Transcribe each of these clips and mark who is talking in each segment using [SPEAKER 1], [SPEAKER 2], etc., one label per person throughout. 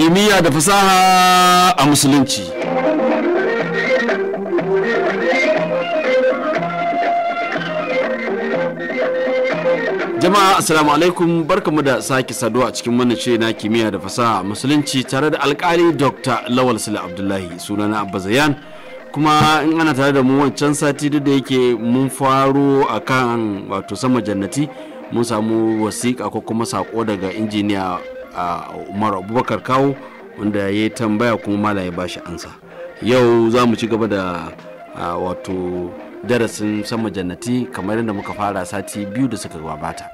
[SPEAKER 1] kimiyya da fasaha a musulunci jama'a assalamu alaikum barkamu da sake saduwa a cikin wannan shiri na kimiyya da fasaha a musulunci tare da alkali dr lawal sula abdullahi sunana abba zayan kuma in ana tare da mu wancan sati duk da yake mun faro akan wato sama jannati mun samu wasiƙa ko kuma saƙo daga injiniya umar abubakar kawo wanda ya yi tambaya kuma mala ya bashi ansa yau za mu ci gaba da wato darasin sama jannati kamar yadda muka fara sati biyu da suka gabata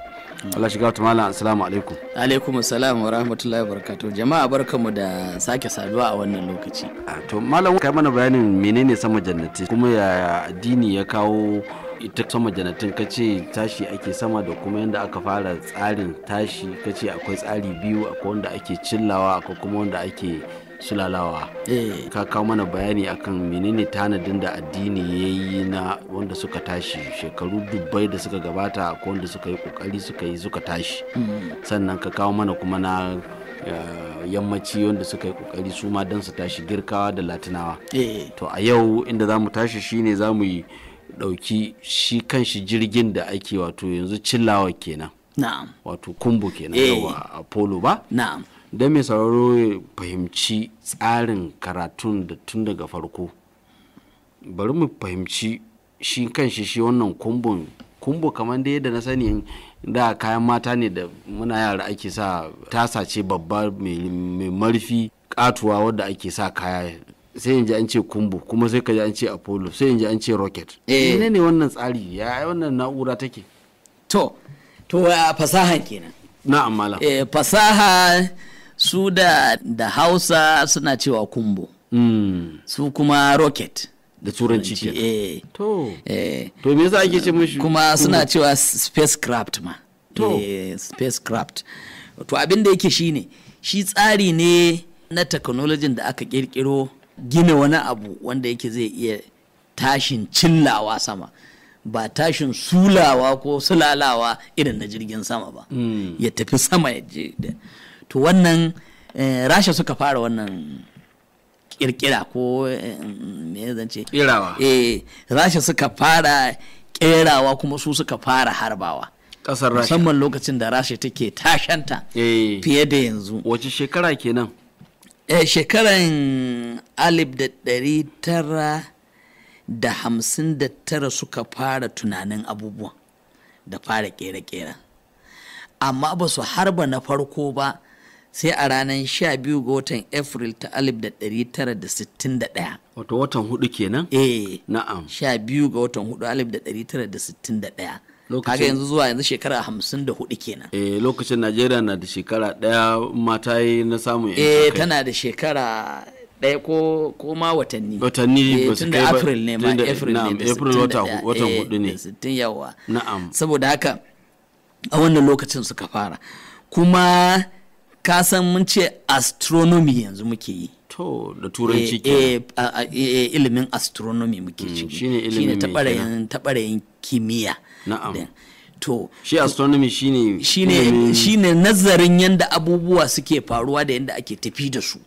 [SPEAKER 1] Allah shiga wata malam assalamu alaikum alaikum assalam wa rahmatullahi wa barakatuh jama'a barkamu da sake saduwa a wannan lokaci to malam kai mana bayanin menene sama jannati kuma ya addini ya kawo ita sama janatin ka ce tashi ake sama da kuma yadda aka fara tsarin tashi ka ce akwai tsari biyu akwai wanda ake cillawa akwai kuma wanda ake sulalawa eh. ka kawo mana bayani akan menene tanadin da addini ya yi na wanda suka tashi shekaru dubbai da suka gabata ko wanda suka yi kokari suka yi suka tashi mm. sannan ka kawo mana kuma na yammaci wanda suka yi kokari su ma don su tashi girkawa da latinawa eh. to a yau inda za mu tashi shine za mu yi ɗauki shi kanshi jirgin da ake wato yanzu cillawa kenan na'am wato kumbu kenan eh. yawa apollo ba na'am don mai sauraro ya fahimci tsarin karatun da tun daga farko bari mu fahimci shi kanshi shi wannan kumbun kumbu kamar da yadda na sani da kayan mata ne da muna yara ake sa tasa ce babba mai marfi katuwa wadda ake sa kaya sai in ji an ce kumbu kuma sai ka ji an ce apollo sai in ji an ce rocket eh. ne ne wannan tsari ya wannan na'ura take to to fasaha kenan na amala eh fasaha su da
[SPEAKER 2] da hausa suna cewa kumbu hmm. su kuma rocket da turanci ke eh to eh to me yasa ake ce mishi kuma suna cewa spacecraft ma to eh, spacecraft to abin da yake shine shi tsari ne na technology da aka kirkiro gina wani abu wanda yake zai iya tashin cillawa sama ba tashin sulawa ko sulalawa irin na jirgin sama ba mm. ya tafi sama ya je to wannan eh, rasha suka fara wannan kirkira ko eh, me zan ce kirawa e, eh, rasha suka fara kerawa kuma su suka fara harbawa rasha musamman lokacin da rasha take tashanta
[SPEAKER 1] fiye da yanzu wace shekara kenan
[SPEAKER 2] Eh, shekaran alif da ɗari tara da hamsin da tara suka fara tunanin abubuwan da fara kera-kera amma ba su harba na farko ba sai a ranar sha biyu ga watan april ta alif da ɗari tara da sittin da ɗaya
[SPEAKER 1] wato watan hudu kenan eh
[SPEAKER 2] na'am sha biyu ga watan hudu alif da ɗari tara da sittin da ɗaya kaga yanzu zuwa yanzu shekara hamsin da hudu kenan
[SPEAKER 1] eh lokacin najeriya na da shekara daya mata yi na samun eh tana
[SPEAKER 2] da shekara ɗaya ko ko ma watanni watanni eh, ba su kai ba april ne ma april ne april wata watan eh, hudu ne sittin yawa na'am saboda haka a wannan lokacin suka fara kuma ka san mun ce astronomy yanzu muke yi to da turanci eh, ke ilimin astronomy muke mm, ciki shine ilimin shine tabarayin kimiyya na'am to shi astronomy shine shine shine nazarin yanda abubuwa suke faruwa da yanda ake tafi
[SPEAKER 1] da su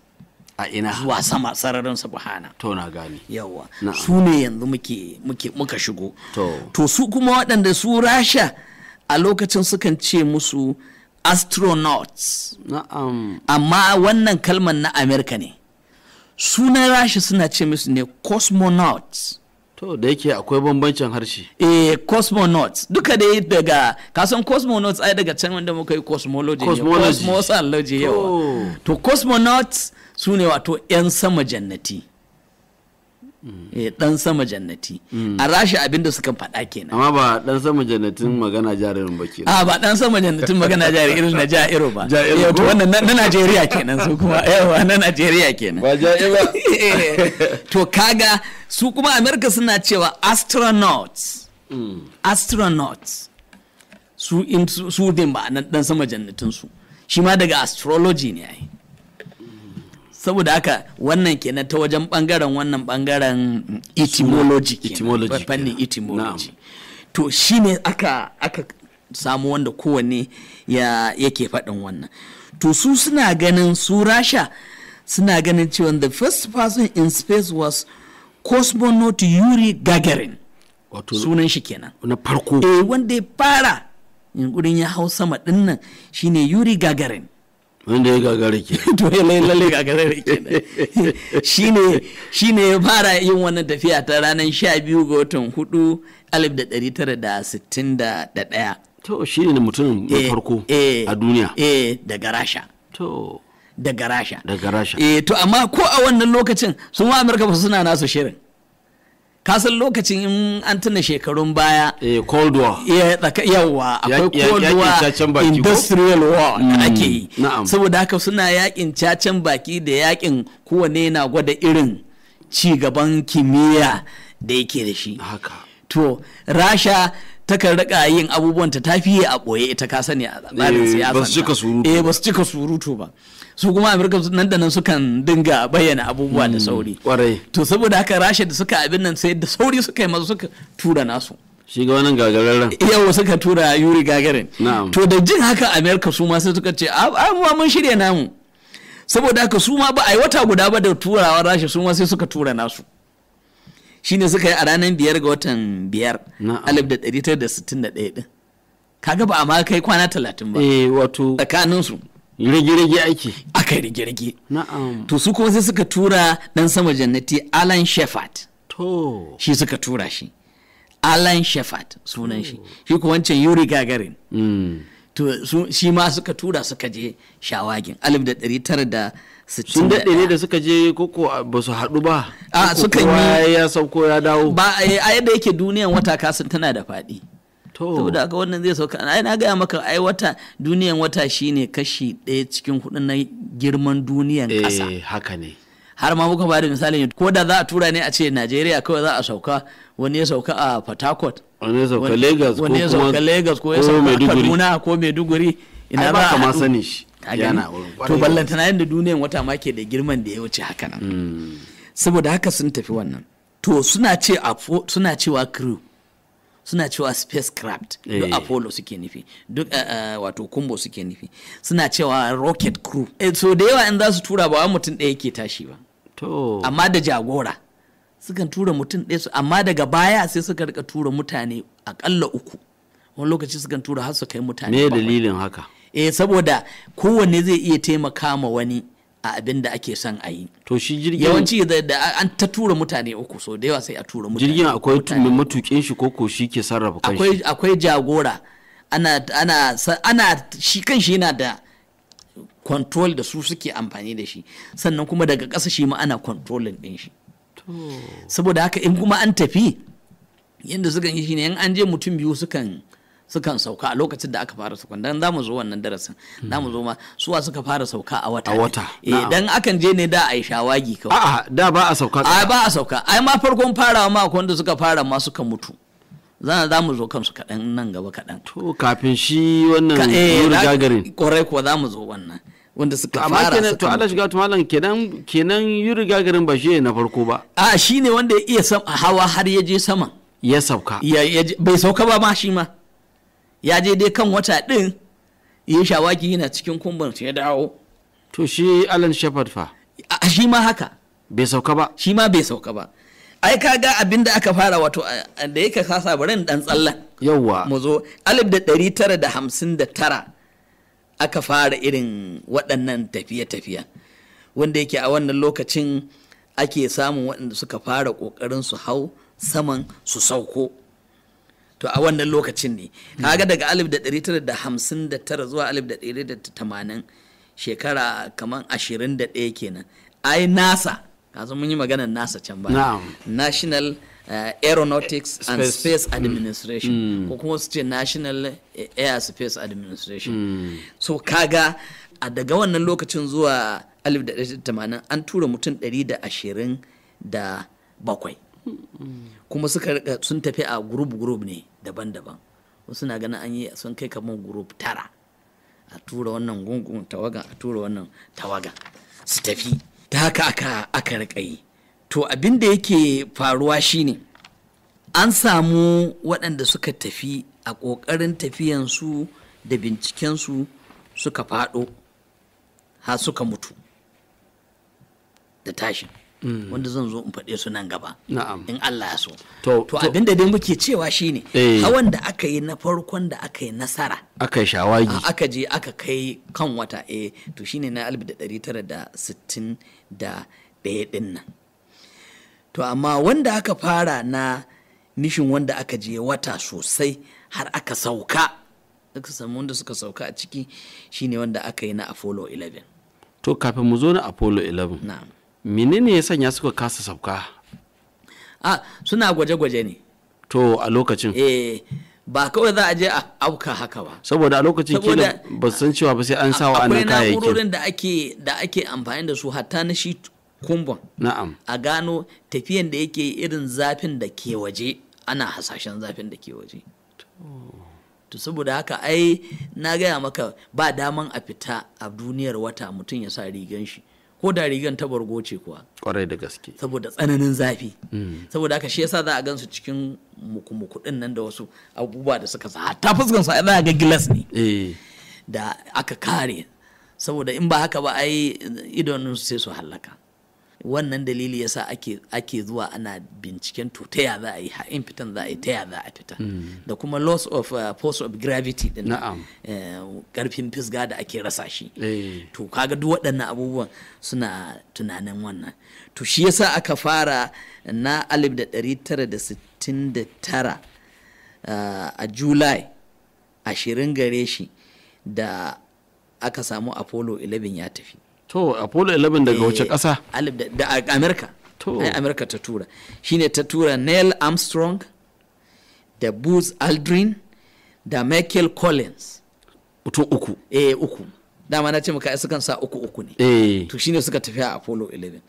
[SPEAKER 1] a ina zuwa sama sararin subhana to na gane yawa su ne
[SPEAKER 2] yanzu muke muke muka shigo to to su kuma waɗanda su rasha a lokacin sukan ce musu astronauts na'am amma wannan kalmar na america ne sunan rasha suna ce musu ne cosmonauts To da yake akwai bambancin harshe. Eh cosmonauts duka dai daga kasan cosmonauts ai daga can wanda muka yi cosmology cosmology cosmology
[SPEAKER 1] yawa.
[SPEAKER 2] To cosmonauts su ne wato 'yan sama jannati. Eh, dan sama jannati a rashi abinda suka faɗa kenan
[SPEAKER 1] amma ba dan sama jannatin magana jaririn ba kenan a ah, ba dan sama jannatin magana jaririn irin na ja'iro ba ja'iro eh, to wannan na Najeriya kenan su kuma yawa na Najeriya kenan ba ja'iro eh,
[SPEAKER 2] to kaga su kuma America suna cewa astronauts mm. astronauts su in su din ba nan dan sama jannatin su shi ma daga astrology ne ai saboda aka wannan kenan ta wajen bangaren wannan bangaren etymology etymology fannin etymology to shine aka aka samu wanda kowanne ya yake faɗin wannan to su suna ganin su rasha suna ganin cewa the first person in space was cosmonaut yuri gagarin sunan shi kenan na farko eh wanda ya fara yunkurin ya hau sama dinnan shine yuri gagarin
[SPEAKER 1] wanda ya gagara ke to lalle gagara ke
[SPEAKER 2] shine shine ya fara yin wannan tafiya ta ranar 12 ga watan 4 1961
[SPEAKER 1] to shine mutum na eh, farko eh, a duniya
[SPEAKER 2] eh daga rasha to daga rasha daga rasha eh to amma ko a wannan lokacin sun wa amurka ba suna nasu shirin kasan lokacin in an tuna shekarun baya
[SPEAKER 1] eh cold war
[SPEAKER 2] yawa akwai cold war industrial
[SPEAKER 1] war mm, ake yi
[SPEAKER 2] saboda haka suna yakin cacen baki da yakin kowane na gwada irin ci gaban kimiyya da yake da shi to rasha takan rika yin abubuwan ta tafiye a ɓoye ita ka a tsarin siyasa eh, eh ba su cika surutu ba su kuma amurka nan da nan sukan dinga bayyana abubuwa da mm, sauri kwarai to saboda haka rasha da suka abin nan sai da sauri suka yi masu suka tura nasu shi ga
[SPEAKER 1] wannan gagararren
[SPEAKER 2] yawa suka tura yuri gagarin to da jin haka amurka su ma sai suka ce abubuwa mun shirya namu saboda haka su ma ba a yi wata guda ba da turawa rasha su ma sai suka tura nasu shine suka yi a ranar biyar ga watan biyar alif da ɗari ta da sittin da ɗaya ɗin kaga ba a ma kai kwana talatin ba eh wato tsakaninsu rage-rage ake aka yi rage-rage na'am to su kuma sai suka tura dan sama jannati alan shepard
[SPEAKER 1] to
[SPEAKER 2] shi suka tura shi alan shepard sunan shi shi kuma wancan yuri gagarin mm. to shi ma suka tura suka je shawagin alif da ɗari tara da sun daɗe ne
[SPEAKER 1] da suka je koko ba su haɗu ba a sukan yi ya sauko ya dawo
[SPEAKER 2] ba a yadda yake duniyan wata kasan tana da faɗi saboda aka wannan zai sauka ai na gaya maka ai wata duniyan wata shine kashi ɗaya cikin hudu na girman duniyan eh, ƙasa eh haka ne har ma muka bada misali ko da za a tura ne a ce Najeriya kawai za a sauka wani ya sauka a Port Harcourt
[SPEAKER 1] wani ya sauka Lagos wani ya sauka Lagos ko ya sauka Kaduna
[SPEAKER 2] ko Maiduguri ina ba ka ma sani shi yana to ballantana yadda duniyan wata ma ke da girman da ya wuce haka nan hmm. saboda haka sun tafi wannan to suna ce suna cewa crew suna cewa spacecraft craft. duk eh. apollo suke nufi duk eh, eh, wato kumbo suke nufi suna cewa rocket crew so da yawa in za su tura ba mutum ɗaya ke tashi ba to amma da jagora sukan tura mutum ɗaya su amma daga baya sai suka rika tura mutane akalla uku wani lokaci sukan tura har su kai mutane me dalilin haka eh saboda kowanne zai iya taimaka ma wani a abin da ake son a yi
[SPEAKER 1] to shi jirgin yawanci
[SPEAKER 2] da an ta tura mutane uku so da yawa sai a tura mutane
[SPEAKER 1] jirgin akwai matukin shi koko shi ke sarrafa kanshi akwai
[SPEAKER 2] akwai jagora ana ana ana shi kanshi yana da control da su suke amfani da shi sannan kuma daga ƙasa shi ma ana controlling din shi saboda haka in kuma an tafi yadda sukan yi shine in an je mutum biyu sukan sukan sauka a lokacin da aka fara sauka dan za mu zo wannan darasin za mu zo ma suwa suka fara sauka a wata a wata eh dan akan je ne da a yi shawagi kawai a'a da ba a sauka a ba a sauka ai ma farkon farawa ma akwai wanda suka fara ma suka mutu zan za mu zo kansu kaɗan nan gaba kaɗan
[SPEAKER 1] to kafin shi wannan eh, rigagarin
[SPEAKER 2] kwarai kuwa za mu zo wannan wanda suka fara kenan to Allah
[SPEAKER 1] shiga malam kenan kenan yuri gagarin ba shi na farko ba a shine wanda ya iya hawa har ya je sama ya sauka Ya bai sauka ba ma shi ma ya je dai kan
[SPEAKER 2] wata ɗin ya shawaki yana cikin kumbar ya dawo to shi alan shepard fa a shi ma haka bai sauka ba shi ma bai sauka ba ai ka ga abin da aka fara wato da yake kasa barin dan tsallan yawwa mu zo alif da ɗari tara da hamsin da tara aka fara irin waɗannan tafiye-tafiyen wanda yake a wannan lokacin ake samun waɗanda suka fara ƙoƙarin su hau saman su sauko to a wannan lokacin ne hmm. kaga daga alif da da da tara hamsin tara zuwa alif da da tamanin shekara kamar ɗaya kenan ai nasa kasan mun yi maganar nasa can ba national Uh, aeronautics space. and space hmm. administration mm. ko kuma su ce national air space administration mm. so kaga a daga wannan lokacin zuwa alif da tamanin an tura mutum da da ashirin bakwai. kuma suka sun tafi a group group ne daban-daban wasu na ganin an yi sun kai kamar group tara a tura wannan gungun tawagan a tura wannan tawagan su tafi ta haka aka aka rika yi to abin da yake faruwa shine an samu waɗanda suka tafi a ƙoƙarin tafiyansu da bincikensu suka faɗo ha suka mutu da tashi. Mm. wanda zan zo in faɗe su nan gaba in Allah ya so to abin da dai muke cewa shine eh. hawan da aka yi na farkon da aka yi nasara aka yi shawagi aka je aka kai kan wata a eh, to shine na alif da ɗari tara da sittin da ɗaya ɗin nan to amma wanda aka fara na nishin wanda aka je wata sosai har aka sauka aka samu wanda suka sauka a ciki shine wanda aka yi na apollo 11
[SPEAKER 1] to kafin mu zo na apollo 11 na'am menene ya sanya suka kasa sauka a ah, suna gwaje-gwaje ne to a lokacin eh ba kawai za a je a auka haka ba saboda a lokacin kila ba san cewa ba sai an sawa annan kayayyakin akwai na'urorin
[SPEAKER 2] da ake da ake amfani da su hatta na shi kumbon na'am a gano tafiyan da yake irin zafin da ke waje ana hasashen zafin da ke waje to saboda haka ai na gaya maka ba daman a fita a duniyar wata mutum ya sa rigan shi ko da rigan ta bargo ce kuwa
[SPEAKER 1] kwarai da gaske
[SPEAKER 2] saboda tsananin zafi hmm. saboda haka shi yasa za a gansu cikin muku muku din nan da wasu abubuwa da suka sa ta fuskan su za ga gilas ne eh. da aka kare saboda in ba haka ba ai idonun sai su hallaka wannan dalili ya sa ake zuwa ana binciken to ta ya za a yi in fitan za a yi ta ya za a fita hmm. da kuma loss of uh, force of gravity din karfin eh, fisga da ake rasa shi eh. to kaga duk waɗannan abubuwan suna tunanin wannan to shi yasa aka fara na 1969 uh, a july ashirin gare shi da aka samu apollo 11 ya tafi to apollo 11 daga wace eh, ƙasa da amerika to amerika ta tura shine ta tura neil armstrong da buzz aldrin da michael collins to uku eh uku dama na ce muka sukan sa uku uku ne eh to shine suka tafiya a apollo 11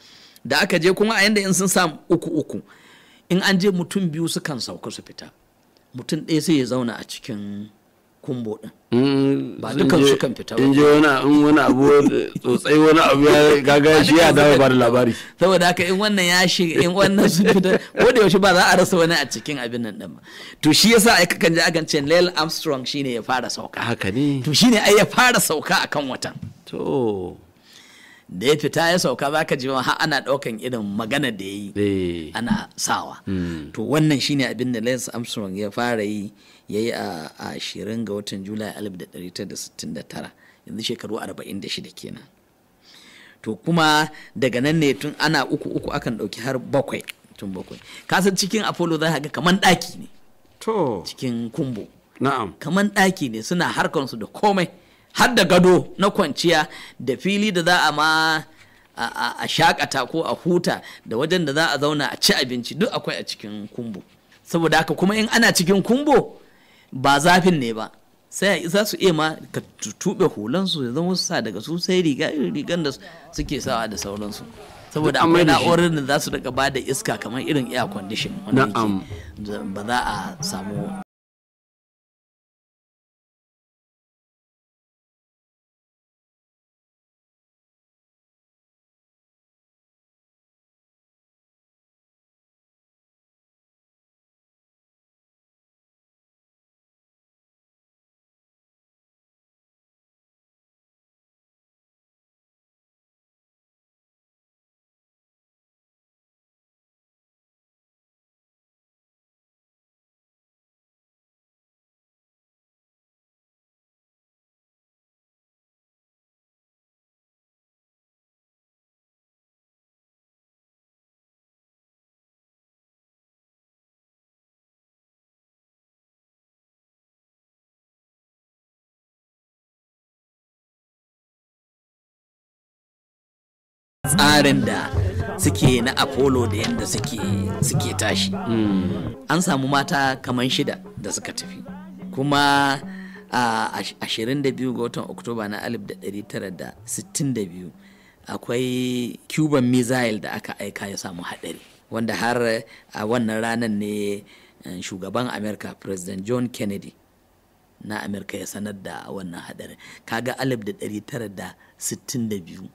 [SPEAKER 2] da aka je kuma a yanda in sun sa uku uku in an je mutum biyu sukan sauka su fita mutum ɗaya sai ya zauna a cikin kumbo din
[SPEAKER 1] mm, ba dukan su kan fita ba in je wani in wani abu tsotsai wani abu ya gaga shi ya dawo ba da labari
[SPEAKER 2] saboda haka in wannan ya shi in wannan su fita ko da yaushe ba za a rasa wani a cikin abin nan din ba to shi yasa aika kan ji akan ce Neil Armstrong shine ya fara sauka haka ne to shine ai ya fara sauka akan watan to da ya fita ya sauka za ka ji har ana ɗaukan irin magana da ya yi eh. ana sawa hmm. to wannan shine abin da lance armstrong ya fara yi ya yi a ashirin ga watan julai 1969 yanzu shekaru 46 kenan to kuma daga nan ne tun ana uku uku akan ɗauki har bakwai tun bakwai kasan cikin apollo za ga kamar ɗaki ne to cikin kumbo na'am kaman ɗaki ne suna harkansu da komai har da gado na kwanciya da fili da za a ma a shakata ko a huta da wajen da za a zauna a ci abinci duk akwai a cikin kumbo saboda haka kuma in ana cikin kumbo ba zafin ne ba sai a isa su iya ma ka tutuɓe hulansu ya zama su sa daga su sai rigan da suke sawa da sauransu saboda akwai na'urar da za su daga ba iska kamar irin air condition wanda
[SPEAKER 1] ba za a samu
[SPEAKER 2] tsarin da suke na apollo da yadda suke tashi hmm. an samu mata kamar shida da suka tafi kuma a 22 ga watan oktoba na 1962 akwai cuban missile da aka aika ya samu hadari wanda har a wannan ranar ne eh, shugaban Amerika, president john kennedy na Amerika ya sanar da wannan hadarin kaga 1962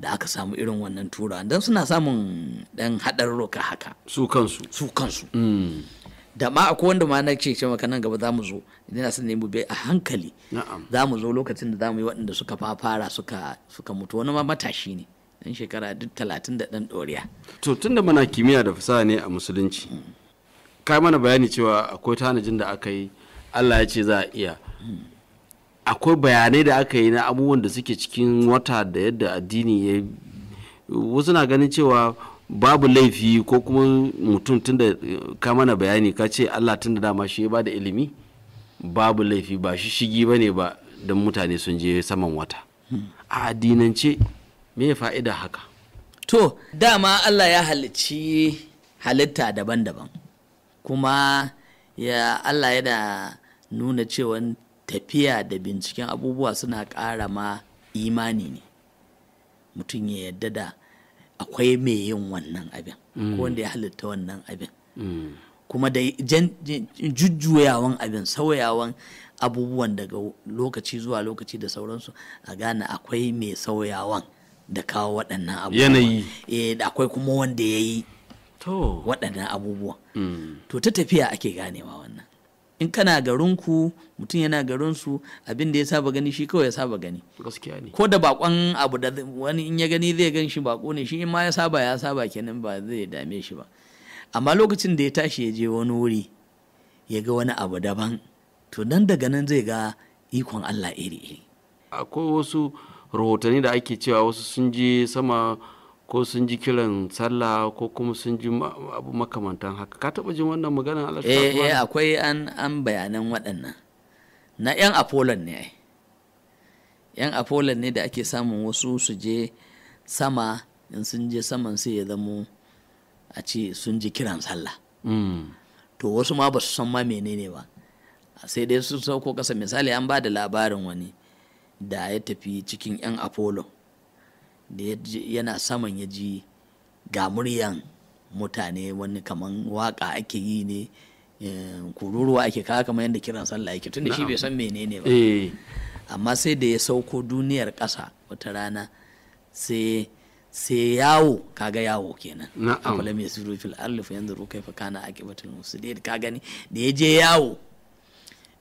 [SPEAKER 2] da aka samu irin wannan tura don suna samun dan roka haka su kansu su kansu mm. da ma akwai wanda ma na ce cewa nan gaba za mu zo idan sun nemi bai a hankali za mu zo lokacin da za mu yi waɗanda suka fara suka suka mutu wani ma matashi ne dan shekara duk talatin da ɗan ɗoriya.
[SPEAKER 1] to tun da kimiyya da fasaha ne a musulunci mm. kai mana bayani cewa akwai tanajin da aka yi allah ya ce za a iya mm. akwai bayanai da aka yi na abubuwan da suke cikin wata da yadda addini ya wasu na ganin cewa babu laifi ko kuma mutum tunda ka mana bayani ka ce allah tun da dama shi ya bada ilimi babu laifi ba shi shigi ba ne ba don mutane sun je saman wata a addinance me fa'ida haka
[SPEAKER 2] to dama allah ya halicci halitta daban-daban kuma ya allah yana nuna cewa tafiya da binciken abubuwa suna ƙara ma imani ne mutum ya yadda da akwai mai yin wannan abin ko mm. wanda ya halitta wannan abin mm. kuma da jujjuyawan abin sauyawan abubuwan daga lokaci zuwa lokaci da sauransu a gane akwai mai sauyawan da kawo waɗannan abubuwan yanayi eh, akwai kuma wanda ya yi waɗannan abubuwan mm. to ta tafiya ake ganewa wannan in kana garin ku mutum yana garinsu abin da ya saba gani shi kawai ya saba gani ko da bakon abu da wani in ya gani zai gan shi bako ne shi in ma ya saba ya saba kenan ba zai dame shi ba amma lokacin da ya tashi ya je wani wuri ya ga wani abu daban to nan daga nan zai ga ikon Allah iri iri
[SPEAKER 1] akwai wasu rahotanni da ake cewa wasu sun je sama ko sun ji kiran sallah ko kuma sun ji abu makamantan haka ka taba jin wannan maganar Allah eh eh
[SPEAKER 2] akwai an an bayanan waɗannan na yan apolon ne yan apolon ne da ake samun wasu su je sama in sun je saman sai ya zamo a ce sun ji kiran sallah mm. to wasu ma ba su san ma menene ba sai dai sun sauko kasa misali an ba da labarin wani da ya tafi cikin yan apolon. da yana saman ya ji ga muryan mutane wani kaman waka ake yi ne eh, kururuwa ake kawo kamar yadda kiran sallah yake tunda shi bai san menene ba eh. amma sai da ya sauko duniyar kasa wata rana sai yawo kaga yawo kenan kula mai suru fil alif yanzu ruka fa kana aqibatul da ka gani da ya je yawo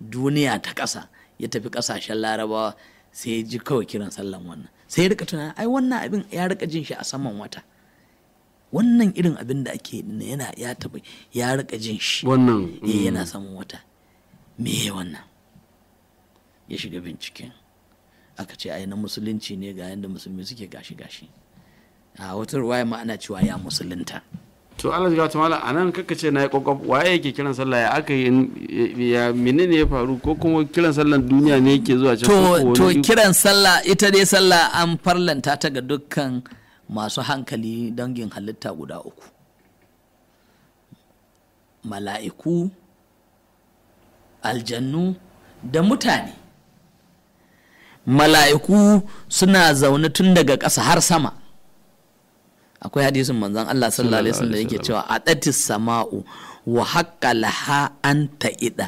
[SPEAKER 2] duniya ta kasa ya tafi ƙasashen larabawa sai ya ji kawai kiran sallan wannan sai rika tunanin ai wannan abin ya rika jin shi a saman wata wannan irin abin da ake yana ya taba ya rika jin shi
[SPEAKER 1] wannan eh, yana mm.
[SPEAKER 2] saman wata me wannan ya shiga binciken aka ce ai na musulunci ne ga yanda musulmi suke gashi gashi a wata ruwaya ma ana cewa ya musulunta
[SPEAKER 1] to Allah ya tamala nan kaka ce na yi kwakwaf waye yake kiran sallah ya aka yi ya ne ya faru ko kuma kiran sallah duniya ne yake zuwa can to to kiran sallah
[SPEAKER 2] ita dai sallah an farlanta ta ga dukkan masu hankali dangin halitta guda uku mala'iku aljannu da mutane mala'iku suna zaune tun daga ƙasa har sama akwai hadisin manzon Allah sallallahu alaihi wasallam yake cewa adatis sama'u wa haqqa laha an ta'ida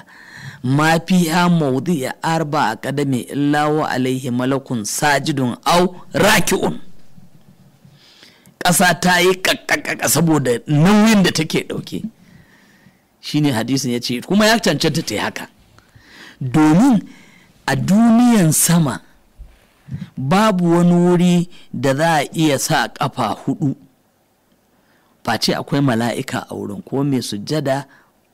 [SPEAKER 2] ma fiha mawdi'a arba qadami illa wa alaihi malakun sajidun aw raki'un ƙasa ta yi kakkaka saboda nauyin da take ɗauke shine hadisin ya ce kuma ya cancanta ta yi haka domin a duniyan sama babu wani wuri da za a iya sa kafa hudu face akwai mala'ika a wurin ko mai sujjada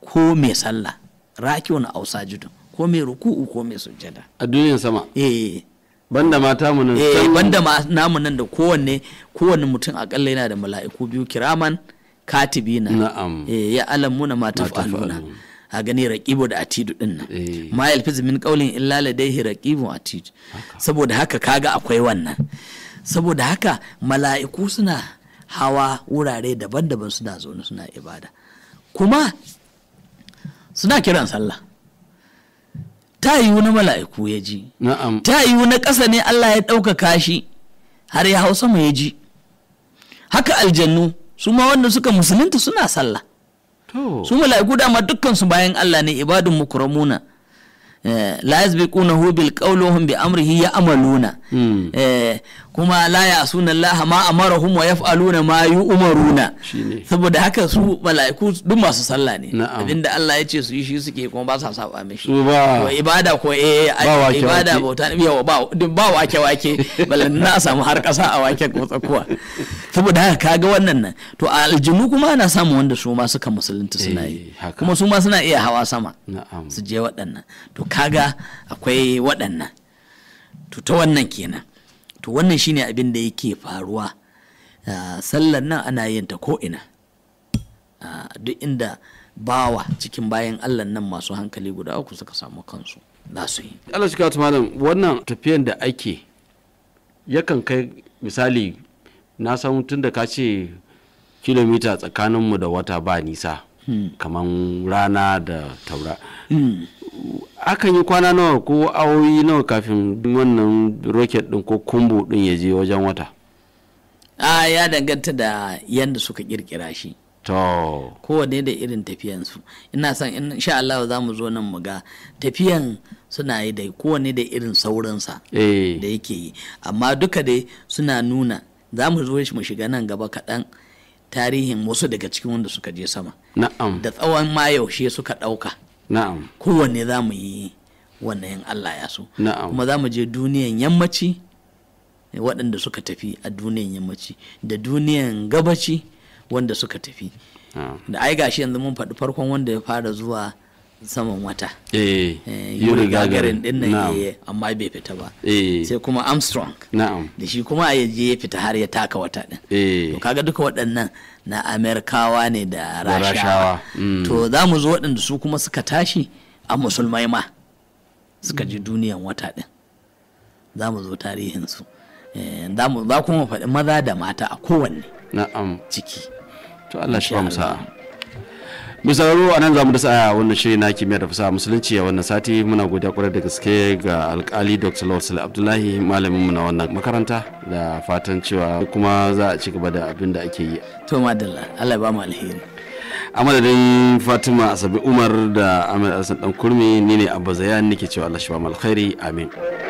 [SPEAKER 2] ko mai sallah rakiyon ausa judun ko mai ruku'u ko mai sujjada a duniyar sama eh banda mata mu nan eh banda namu nan da kowanne kowanne mutum akalla yana da mala'iku biyu kiraman katibina na'am eh ya alamuna mata tafaluna a gani raƙibo da atidu ɗin nan eh. ma yalfizu min qawlin illa ladayhi raqibun atidu saboda haka kaga akwai wannan saboda haka mala'iku suna hawa wurare daban-daban suna zaune suna ibada kuma suna kiran sallah ta yiwu na mala'iku ya ji ta yiwu na ƙasa ne Allah ya ɗaukaka shi har ya hau sama ya ji haka aljannu su ma wanda suka musulunta suna sallah su mala'iku dama dukkan su bayan Allah ne mu ibadun mukramuna Eh, la yasbiqunahu bil qawli wa hum bi amrihi amaluna hmm. eh, kuma la ya'suna Allah ma amarahum wa yaf'aluna ma umaruna saboda haka su mala'iku duk masu sallah
[SPEAKER 1] ne abinda
[SPEAKER 2] Allah ya ce su yi shi suke kuma ba sa a mishi ko ibada ko
[SPEAKER 1] eh ibada bauta
[SPEAKER 2] yawa ba ba wake wake balan na samu har kasa a wake ko tsakuwa saboda haka kaga wannan nan to aljinu kuma ana samu wanda su ma suka musulunta suna yi eh, kuma su ma suna iya hawa sama su je waɗannan to kaga akwai waɗannan to ta wannan kenan to wannan shine abin da yake faruwa ah, sallar nan ana yin ta ko'ina ah, duk inda bawa cikin bayan allah nan masu hankali guda uku suka samu kansu za su yi
[SPEAKER 1] allah shi malam wannan tafiyan da ake yakan kai misali na san tun da ka ce kilomita tsakaninmu da wata ba nisa hmm. kamar rana da taura hmm. akan yi kwana nawa ko awoyi nawa kafin wannan roket din ko kumbu din ya je wajen wata
[SPEAKER 2] a ya danganta da yadda suka kirkira shi to kowane da irin tafiyansu ina son in sha Allah za mu zo nan mu ga tafiyan suna yi da kowane da irin sauransa eh. da yake yi amma duka dai suna nuna za mu zo mu shiga nan gaba kaɗan tarihin wasu daga cikin wanda suka je sama da tsawon mayaushe suka ɗauka na'am kowanne za mu yi wannan yin Allah ya so kuma za mu je duniyan yammaci waɗanda suka tafi a duniyan yammaci da duniyan gabaci wanda suka tafi da ai gashi yanzu mun faɗi farkon wanda ya fara zuwa saman wata
[SPEAKER 1] eh, eh, yuri gagarin ɗin nan yayi eh,
[SPEAKER 2] amma bai fita ba sai kuma armstrong da shi kuma a yaje ya fita har ya taka wata ɗin ka kaga duka waɗannan na amerikawa ne da rashawa
[SPEAKER 1] mm. to za
[SPEAKER 2] mu zo waɗanda su kuma suka tashi a musulmai ma suka ji mm. duniyan wata ɗin za mu zo tarihinsu eh, za kuma faɗi maza da mata a kowanne
[SPEAKER 1] ciki to Allah shi sa'a mai a nan zamu da sa'a a wannan shirin na kimiyya da fasaha musulunci a wannan sati muna godiya kwarai da gaske ga alkali dr lawal abdullahi malamin mu na wannan makaranta da fatan cewa kuma za a ci gaba da abin da ake yi
[SPEAKER 2] to madalla allah ba mu alheri
[SPEAKER 1] a madadin fatima asabi umar da amir alhassan dan kurmi ni ne abba zayan nake cewa allah shi ba mu alkhairi amin